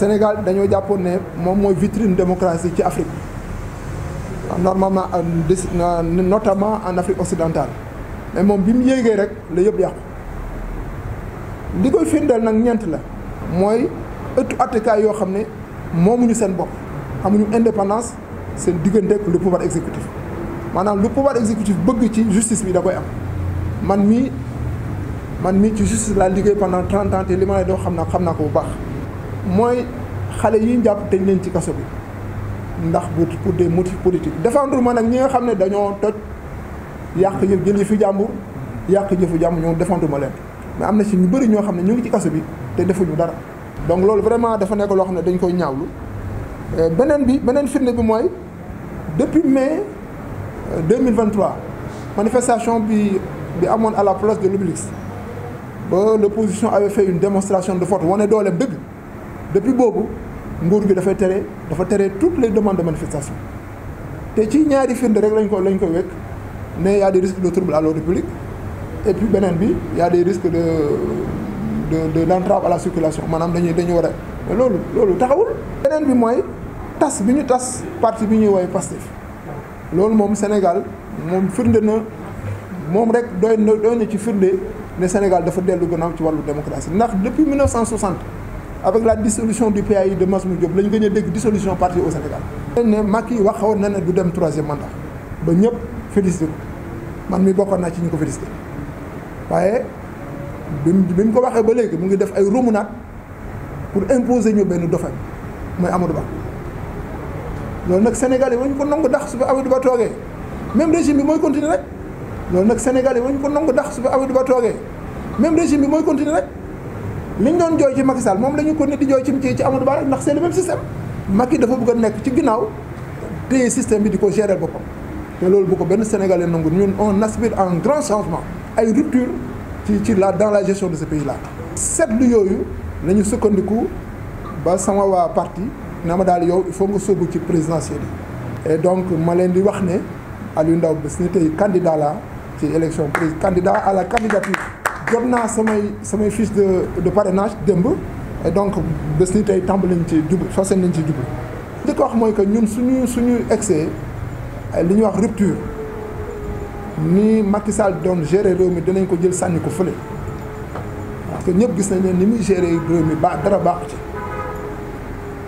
Sénégal dañoo jàppoon ne moom mooy vitrine démocratie ci Afrique normalement notamment en Afrique occidentale mais moom bi mu yéegee rek la yëpp yàqu li koy findel nag ñeent la mooy ëttu attekaay yoo xam ne moomuñu seen bopp amuñu indépendance seen diggante ak le pouvoir exécutif maanaam lu pouvoir exécutif bëgg ci justice bi da koy am man mii man mii ci justice laa liggéey pendant trente ans te li ma doo xam naa xam naa ko bu baax mooy xale yi ñu jàpp tëj leen ci kaso bi ndax bu pour des motifs politiques défendre ma nag ñi nga xam ne dañoo toj yàq yëf jël fi jàmbur yàq jëfu jàmbur ñoo défendre ma leen mais am na si ñu bëri ñoo xam ne ñu ngi ci kaso bi te defuñu dara donc loolu vraiment dafa nekk loo xam ne dañ koy ñaawlu euh, beneen bi beneen firnde bi mooy depuis mai 2023 euh, manifestation bi bi amoon à la place de l'Obélisque ba position avait fait une démonstration de force wane dooleem dëgg depuis boobu nguur gi dafay tere dafa tere toutes les demandes de manifestation te ci ñaari firnde rek lañ ko lañ ko wekk ne y a des risques de trouble à l'ordre et puis beneen bi y a des risques de de de l'entrave à la circulation maanaam dañuy dañu war a loolu loolu taxawul. beneen bi mooy tas bi ñu tas parti bi ñuy woowee Pastef loolu moom Sénégal moom firnde na moom rek doy na doy na ci firnde ne Sénégal dafa dellu gannaaw ci wàllu démocratie ndax depuis 1960. avec la dissolution du PAI de Massoumou Diop la ñu gën a dégg dissolution parti au Sénégal. ne Macky wax xawoon na ne du dem troisième mandat ba ñëpp félicité ko man mi bokkoon naa ci ñu ko félicité waaye bi bi mu ko waxee ba léegi mu ngi def ay ruminaat pour imposer ñu benn dauphin mooy Amadou Ba loolu nag Sénégal yi ko nangu dax su fi Amadou Ba toogee même régime bi mooy continuer rek loolu nag Sénégal yi ko nangu ndax su fi Amadou Ba toogee même régime bi mooy continuer rek. li ñu doon jooy ci Macky Sall moom la ko ne di jooy ci ci Amadou Ba ndax c'est le même système dafa bëgg a nekk ci ginnaaw téye système bi di ko gérer boppam te loolu bu ko benn sénégalais nangu ñu on aspire à un grand changement ay rupture ci ci la dans la gestion de ce pays là seetlu yooyu lañu ñu sukkandiku ba sama waa parti na ma daal yow il faut nga sóobu ci présidentielle yi donc ma leen di wax ne yu ndaw Bés ni tey candidat la ci élection président candidat à la candidature jot naa samay samay fiche de de parrainage démb donc bés ni tey tàmbali nañ ci jublu seen nañ ci jublu li ko wax mooy que ñun su suñu suñu excès eh, li ñuy wax rupture ni Macky Sall doon gérer réew mi dinañ ko jël sànni ko fële parce que ñëpp gis nañ ne ni muy gérer réew mi baax dara baaxu ci.